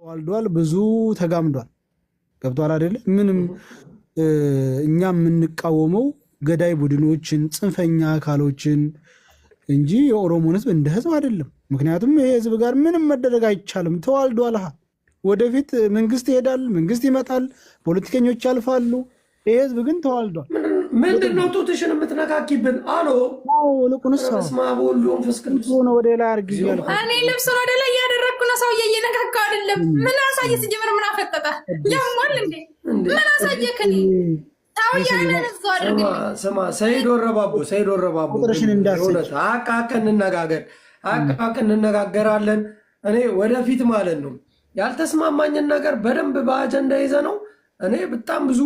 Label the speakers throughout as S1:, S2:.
S1: ተዋልዷል፣ ብዙ ተጋምዷል። ገብቷል አይደለ? ምንም እኛ የምንቃወመው ገዳይ ቡድኖችን፣ ጽንፈኛ አካሎችን እንጂ የኦሮሞን ህዝብ እንደ ህዝብ አይደለም። ምክንያቱም ይህ ህዝብ ጋር ምንም መደረግ አይቻልም። ተዋልዷል። ወደፊት መንግስት ይሄዳል፣ መንግስት ይመጣል፣ ፖለቲከኞች ያልፋሉ። ይህ ህዝብ ግን ተዋልዷል።
S2: ምንድን ነው ጡትሽን የምትነካኪብን? አሎ ልቁንስ ሁሉም ፍስቅስ
S1: ወደ ላይ አርግ እኔ
S3: ልብሱን ወደ ላይ ሌላ ሰውዬ እየነካካ አይደለም። ምን አሳየ? ሲጀመር ምን አፈጠጠ? ያሟል እንዴ? ምን አሳየ? ክኒ
S2: ስማ፣ ሰይድ ወረባቦ፣ ሰይድ ወረባቦ፣ አቃቀ እንነጋገር፣ አቃቀ እንነጋገራለን። እኔ ወደፊት ማለት ነው ያልተስማማኝን ነገር በደንብ በአጀንዳ ይዘ ነው። እኔ በጣም ብዙ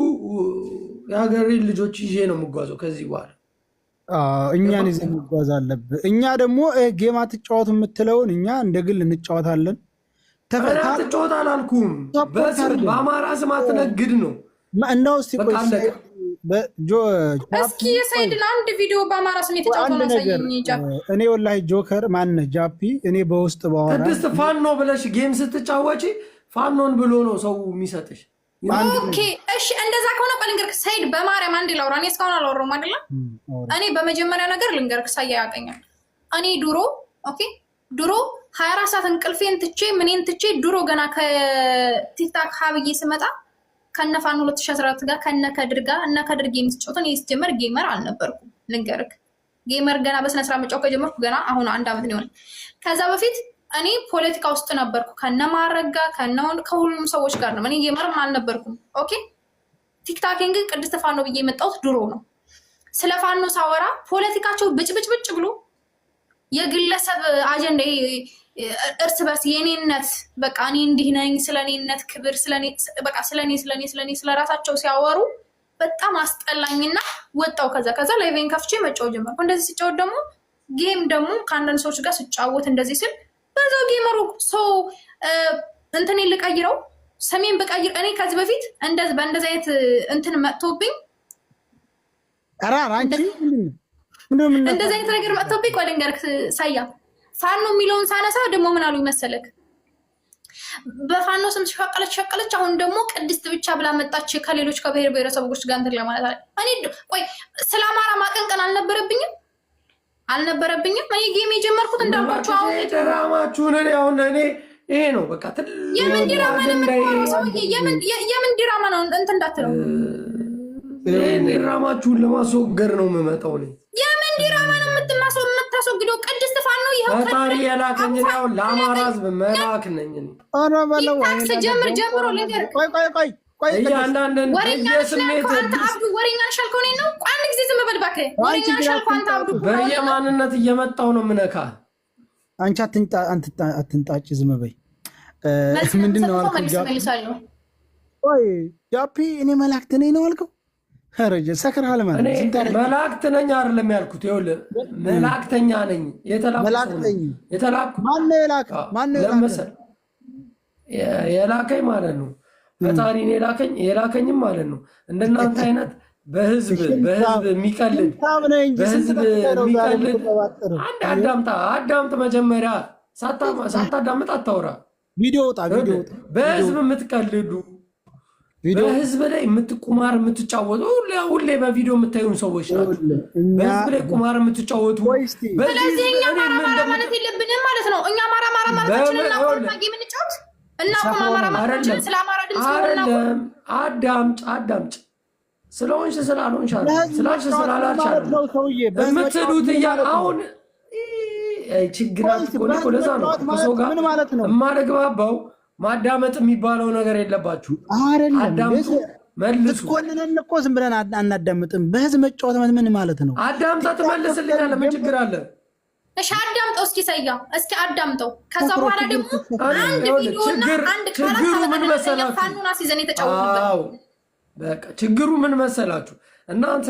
S2: የሀገሬን ልጆች ይዤ ነው የምጓዘው ከዚህ በኋላ
S1: እኛን ይዘን መጓዝ አለብህ። እኛ ደግሞ ጌም አትጫወት የምትለውን እኛ እንደ ግል እንጫወታለን።
S2: ተጫወት አላልኩም። በአማራ ስም አትነግድ ነው
S1: እና ውስጥ
S3: እስኪ የሰይድን አንድ ቪዲዮ በአማራ ስም የተጫወተውን አሳየኝ።
S1: እኔ ወላሂ ጆከር ማነ ጃፒ እኔ በውስጥ በኋላ
S2: ቅድስት ፋኖ ብለሽ ጌም ስትጫወቺ ፋኖን ብሎ ነው ሰው የሚሰጥሽ
S3: ኦኬ እሺ፣ እንደዛ ከሆነ ቆይ ልንገርክ ሰይድ፣ በማርያም አንድ ላውራ። እኔ እስካሁን አላወራሁም አይደለም። እኔ በመጀመሪያ ነገር ልንገርክ፣ ሳያ ያቀኛል። እኔ ድሮ ኦኬ፣ ድሮ ሀያ አራት ሰዓት እንቅልፌን ትቼ ምኔን ትቼ ድሮ ገና ከቲክታክ ሀብዬ ስመጣ ከነፋን ሁለት ሺ ጋር ከነ ከድር ጋር እነ ከድር ጌም ስጫወትን ስጀመር ጌመር አልነበርኩም ልንገርክ። ጌመር ገና በስነስራ መጫወት ከጀመርኩ ገና አሁን አንድ አመት ሆነ ከዛ በፊት እኔ ፖለቲካ ውስጥ ነበርኩ ከነማረጋ ከነውን ከሁሉም ሰዎች ጋር ነው። እኔ የመርም አልነበርኩም። ኦኬ ቲክታኬን ግን ቅድስት ፋኖ ብዬ የመጣሁት ድሮ ነው። ስለ ፋኖ ሳወራ ፖለቲካቸው ብጭብጭብጭ ብሎ የግለሰብ አጀንዳ እርስ በርስ የኔነት በቃ እኔ እንዲህ ነኝ፣ ስለ ኔነት ክብር በቃ ስለ ኔ ስለ ኔ ስለ ኔ ስለ ራሳቸው ሲያወሩ በጣም አስጠላኝና ወጣው። ከዛ ከዛ ላይቬን ከፍቼ መጫወት ጀመርኩ። እንደዚህ ስጫወት ደግሞ ጌም ደግሞ ከአንዳንድ ሰዎች ጋር ስጫወት እንደዚህ ስል በዛው ጌመሩ ሰው እንትን ልቀይረው ሰሜን ብቀይር እኔ ከዚህ በፊት በእንደዚ አይነት እንትን መጥቶብኝ እንደዚ አይነት ነገር መጥቶብኝ፣ ቆይ ልንገርህ ሳያ ፋኖ የሚለውን ሳነሳ ደግሞ ምን አሉ ይመሰለክ? በፋኖ ስም ሸቀለች ሸቀለች አሁን ደግሞ ቅድስት ብቻ ብላ መጣች ከሌሎች ከብሔር ብሔረሰቦች ጋር እንትን ለማለት አለ። እኔ ቆይ ስለ አማራ ማቀንቀን አልነበረብኝም አልነበረብኝም። እኔ ጌም የጀመርኩት እንዳልኳቸው አሁን
S2: ድራማችሁን አሁን እኔ ይሄ ነው በቃ
S3: የምን ድራማ ነው የምን ድራማ ነው እንትን እንዳትለው
S2: ድራማችሁን ለማስወገድ ነው የምመጣው እኔ
S3: የምን ድራማ ነው የምታስወግደው ቅድስት ፋን ነው
S2: ይኸው ፈጣሪ የላከኝ ነው ለአማራ ህዝብ መላክ ነኝ
S1: እኔ
S3: ጀምር ጀምሮ ልንገርህ ቆይ ቆይ ቆይ በየማንነት
S2: እየመጣው ነው ምነካ።
S1: አንቺ አትንጣጭ፣ ዝም በይ። ምንድን ነው አልከው? ጃፒ እኔ መላእክት ነኝ ነው አልከው? ሰክርሃል ማለት
S2: መላእክት ነኝ አይደለም ያልኩት። ይኸውልህ መላእክተኛ ነኝ
S1: የተላኩ ማነው
S2: የላከኝ ማለት ነው ፈጣሪን የላከኝ የላከኝም ማለት ነው እንደናንተ አይነት በህዝብ በህዝብ የሚቀልድ በህዝብ የሚቀልድ አንድ አዳምታ አዳምት መጀመሪያ ሳታዳምጥ አታውራ። በህዝብ የምትቀልዱ በህዝብ ላይ የምትቁማር የምትጫወቱ ሁሌ በቪዲዮ የምታዩን ሰዎች ናቸው። በህዝብ ላይ ቁማር የምትጫወቱ
S3: ስለዚህ እኛ ማራማራ ማለት የለብንም ማለት ነው። እኛ ማራማራ ማራ ማለታችንን የምንጫወት እና
S2: አዳምጭ አዳምጭ ስለሆንሽ ስላልሆንሽ ስላልሽ ስላላልሽ የምትሉት እያለ አሁን ችግራችሁ እኮ ለዛ ነው ከሰው ጋር የማልግባባው። ማዳመጥ የሚባለው ነገር የለባችሁ።
S1: አዳምጡ፣ መልሱ። ትኮንነን እኮ ዝም ብለን አናዳምጥም። በህዝብ መጫወት ምን ማለት
S2: ነው? አዳምጣ፣ ትመልስልኛለህ። ምን ችግር አለ?
S3: እሺ አዳምጠው እስኪ ሰያው እስኪ አዳምጠው። ከዛ በኋላ ደግሞ አንድ ቪዲዮና አንድ ምን ካራፋኑና ሲዘን
S2: የተጫወቱበት በቃ ችግሩ ምን መሰላችሁ? እናንተ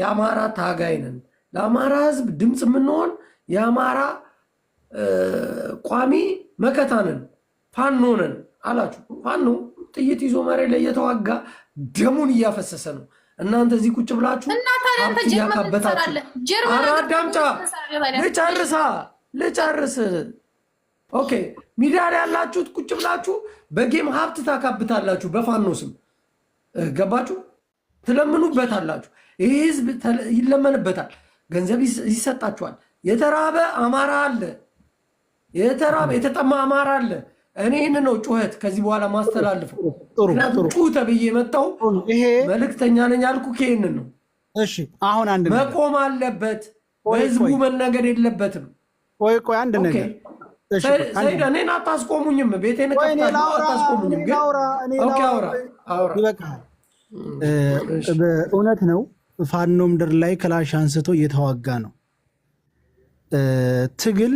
S2: የአማራ ታጋይ ነን፣ ለአማራ ህዝብ ድምፅ የምንሆን የአማራ ቋሚ መከታ ነን፣ ፋኖ ነን አላችሁ። ፋኖ ጥይት ይዞ መሬት ላይ እየተዋጋ ደሙን እያፈሰሰ ነው። እናንተ እዚህ ቁጭ ብላችሁ አዳምጫ ልጨርሳ ልጨርስ። ኦኬ ሚዲያ ላይ ያላችሁት ቁጭ ብላችሁ በጌም ሀብት ታካብታላችሁ። በፋኖ ስም ገባችሁ ትለምኑበታላችሁ። ይህ ህዝብ ይለመንበታል፣ ገንዘብ ይሰጣችኋል። የተራበ አማራ አለ፣ የተራበ የተጠማ አማራ አለ። እኔ ይህን ነው ጩኸት ከዚህ በኋላ ማስተላልፈው ነጡ ተብዬ መጣሁ። መልእክተኛ ነኝ ያልኩህ ይሄንን ነው።
S1: እሺ አሁን አንድ
S2: መቆም አለበት። በህዝቡ መነገድ የለበትም። ቆይ ቆይ አንድ ነገር ሰይድ እኔን አታስቆሙኝም፣ ቤቴን
S1: አታስቆሙኝም።
S2: ይበቃል።
S1: እውነት ነው። ፋኖ ምድር ላይ ክላሽ አንስቶ እየተዋጋ ነው። ትግል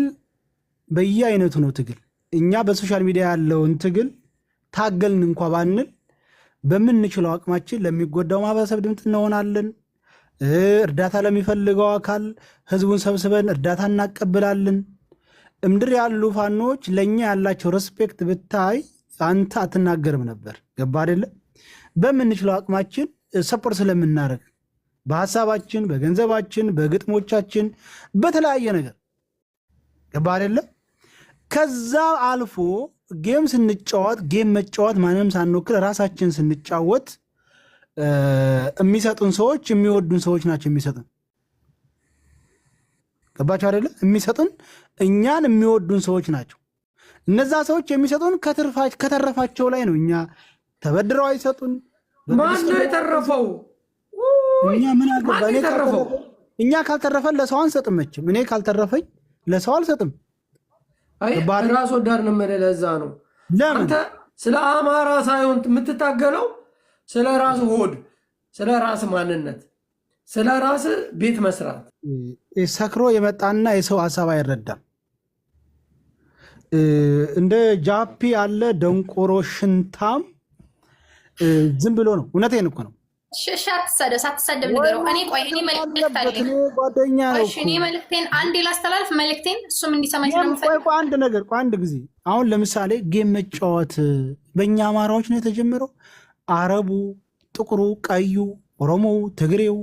S1: በየአይነቱ ነው ትግል። እኛ በሶሻል ሚዲያ ያለውን ትግል ታገልን እንኳ ባንል በምንችለው አቅማችን ለሚጎዳው ማህበረሰብ ድምፅ እንሆናለን። እርዳታ ለሚፈልገው አካል ህዝቡን ሰብስበን እርዳታ እናቀብላለን። እምድር ያሉ ፋኖዎች ለእኛ ያላቸው ሬስፔክት ብታይ አንተ አትናገርም ነበር። ገባ አይደለም? በምንችለው አቅማችን ሰፖርት ስለምናደርግ በሀሳባችን፣ በገንዘባችን፣ በግጥሞቻችን፣ በተለያየ ነገር ገባ አይደለም? ከዛ አልፎ ጌም ስንጫወት ጌም መጫወት ማንም ሳንወክል ራሳችን ስንጫወት የሚሰጡን ሰዎች የሚወዱን ሰዎች ናቸው የሚሰጡን። ገባቸው አይደለ? የሚሰጡን እኛን የሚወዱን ሰዎች ናቸው። እነዛ ሰዎች የሚሰጡን ከተረፋቸው ላይ ነው። እኛ ተበድረው አይሰጡን።
S2: ማነው የተረፈው? እኛ ምን አገባ?
S1: እኛ ካልተረፈን ለሰው አንሰጥም። መቼም እኔ ካልተረፈኝ ለሰው አልሰጥም።
S2: ራስ ወዳድ ነው የምልህ። ለዛ ነው አንተ ስለ አማራ ሳይሆን የምትታገለው ስለ ራስ ሆድ፣ ስለ ራስ ማንነት፣ ስለ ራስ ቤት መስራት።
S1: ሰክሮ የመጣና የሰው ሀሳብ አይረዳም። እንደ ጃፒ ያለ ደንቆሮ ሽንታም ዝም ብሎ ነው። እውነቴን እኮ ነው
S3: ሳትሳደብ ንገረው። እኔ ቆይ እኔ መልእክት አለኝ ጓደኛ ነው። እኔ መልክቴን አንዴ ላስተላልፍ፣ መልክቴን እሱም እንዲሰማኝ
S1: ቆይ አንድ ነገር ቆይ አንድ ጊዜ አሁን ለምሳሌ ጌም መጫወት በእኛ አማራዎች ነው የተጀመረው። አረቡ፣ ጥቁሩ፣ ቀዩ፣ ኦሮሞው፣ ትግሬው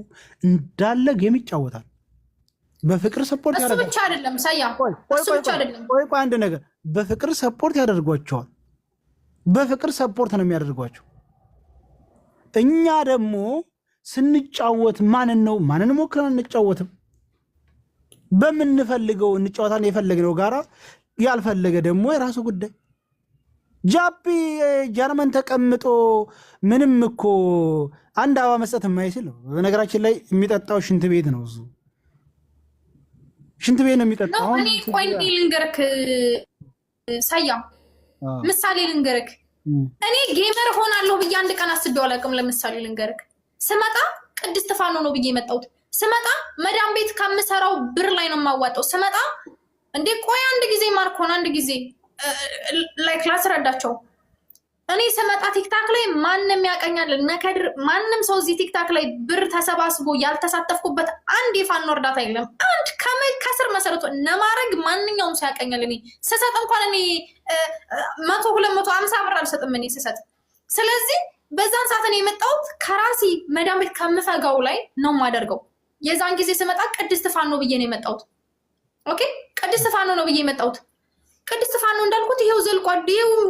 S1: እንዳለ ጌም ይጫወታል። በፍቅር ሰፖርት
S3: እሱ ብቻ አይደለም ሳያ፣
S1: እሱ ብቻ አይደለም። ቆይ አንድ ነገር በፍቅር ሰፖርት ያደርጓቸዋል። በፍቅር ሰፖርት ነው የሚያደርጓቸው እኛ ደግሞ ስንጫወት ማንን ነው ማንን ሞክረን እንጫወትም? በምንፈልገው እንጫወታን የፈለግነው ጋራ ያልፈለገ ደግሞ የራሱ ጉዳይ። ጃፒ ጀርመን ተቀምጦ ምንም እኮ አንድ አበባ መስጠት የማይችል በነገራችን ላይ የሚጠጣው ሽንት ቤት ነው። እሱ ሽንት ቤት ነው የሚጠጣው።
S3: ቆይ ልንገርክ፣ ሳያ ምሳሌ ልንገርክ እኔ ጌመር ሆናለሁ ብዬ አንድ ቀን አስቤው አላውቅም። ለምሳሌ ልንገርክ፣ ስመጣ ቅድስት ፋኖ ነው ብዬ የመጣሁት። ስመጣ መዳም ቤት ከምሰራው ብር ላይ ነው የማዋጣው። ስመጣ እንዴ ቆይ አንድ ጊዜ ማርኮን አንድ ጊዜ ላይክ ላስረዳቸው እኔ ስመጣ ቲክታክ ላይ ማንም ያቀኛል ነከድር ማንም ሰው እዚህ ቲክታክ ላይ ብር ተሰባስቦ ያልተሳተፍኩበት አንድ የፋኖ እርዳታ የለም። አንድ ከስር መሰረቱ ለማድረግ ማንኛውም ሰው ያቀኛል። እኔ ስሰጥ እንኳን እኔ መቶ ሁለት መቶ አምሳ ብር አልሰጥም እኔ ስሰጥ። ስለዚህ በዛን ሰዓት እኔ የመጣሁት ከራሴ መዳን ከምፈጋው ላይ ነው የማደርገው። የዛን ጊዜ ስመጣ ቅድስት ፋኖ ብዬ ነው የመጣሁት። ኦኬ ቅድስት ፋኖ ነው ብዬ የመጣሁት። ቅድስት ፋኖ እንዳልኩት ይሄው ዘልቋል።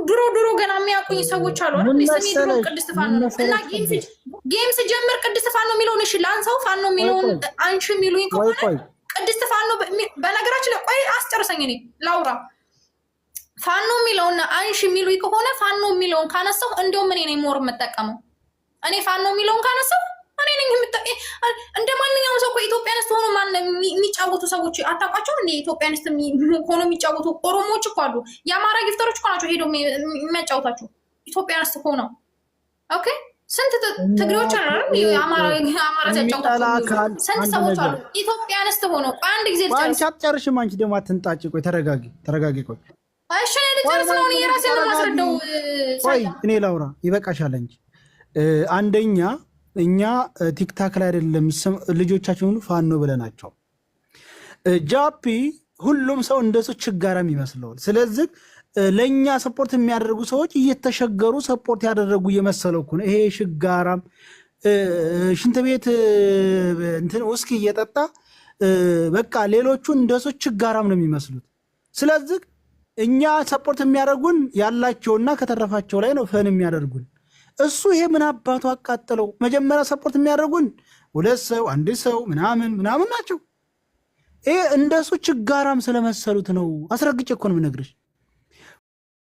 S3: ድሮ ድሮ ገና የሚያውቁኝ ሰዎች አሉ። ስሜ ቅድስት ፋኖ ነው እና ጌም ስጀምር ቅድስት ፋኖ የሚለውን እሺ ላንሳው። ፋኖ የሚለውን የሚሉኝ ከሆነ ቅድስት ፋኖ በነገራችን ላይ ቆይ አስጨርሰኝ፣ እኔ ላውራ። ፋኖ የሚለውን አንሽ የሚሉኝ ከሆነ ፋኖ የሚለውን ካነሳው እንዲሁም እኔ ሞር የምጠቀመው እኔ ፋኖ የሚለውን ካነሳሁ እኔ ነኝ እንደ ማንኛውም ሰው ኢትዮጵያንስት ሆኖ የሚጫወቱ ሰዎች አታውቋቸው? እንደ ኢትዮጵያንስት ሆኖ የሚጫወቱ ኦሮሞዎች እኮ አሉ። የአማራ ጊፍተሮች እኮ ናቸው ሄዶ የሚያጫወታቸው ኢትዮጵያንስት ሆነው። ኦኬ ስንት ትግሬዎች አሉ፣ አማራ ሲያጫወቱ ስንት ሰዎች አሉ ኢትዮጵያንስት ሆነው። ቆይ አንድ ጊዜ
S1: ልጨርስ። አትጨርሽም አንቺ ደግሞ አትንጣጭ። ቆይ ተረጋጊ፣ ተረጋጊ። ቆይ
S3: እሺ እኔ ልጨርስ ነው የራሴን ማስረዳው።
S1: ቆይ እኔ ላውራ፣ ይበቃሻል እንጂ አንደኛ እኛ ቲክታክ ላይ አይደለም ልጆቻችን ሁሉ ፋኖ ብለናቸው። ጃፒ ሁሉም ሰው እንደሱ ችጋራም ይመስለዋል። ስለዚህ ለእኛ ሰፖርት የሚያደርጉ ሰዎች እየተሸገሩ ሰፖርት ያደረጉ እየመሰለው እኮ ነው። ይሄ ሽጋራም ሽንት ቤት እንትን ውስኪ እየጠጣ በቃ ሌሎቹ እንደሱ ችጋራም ነው የሚመስሉት። ስለዚህ እኛ ሰፖርት የሚያደርጉን ያላቸውና ከተረፋቸው ላይ ነው ፈን የሚያደርጉን። እሱ ይሄ ምን አባቱ አቃጠለው። መጀመሪያ ሰፖርት የሚያደርጉን ሁለት ሰው አንድ ሰው ምናምን ምናምን ናቸው። ይሄ እንደሱ ችጋራም ስለመሰሉት ነው። አስረግጬ እኮ ነው የምነግርሽ።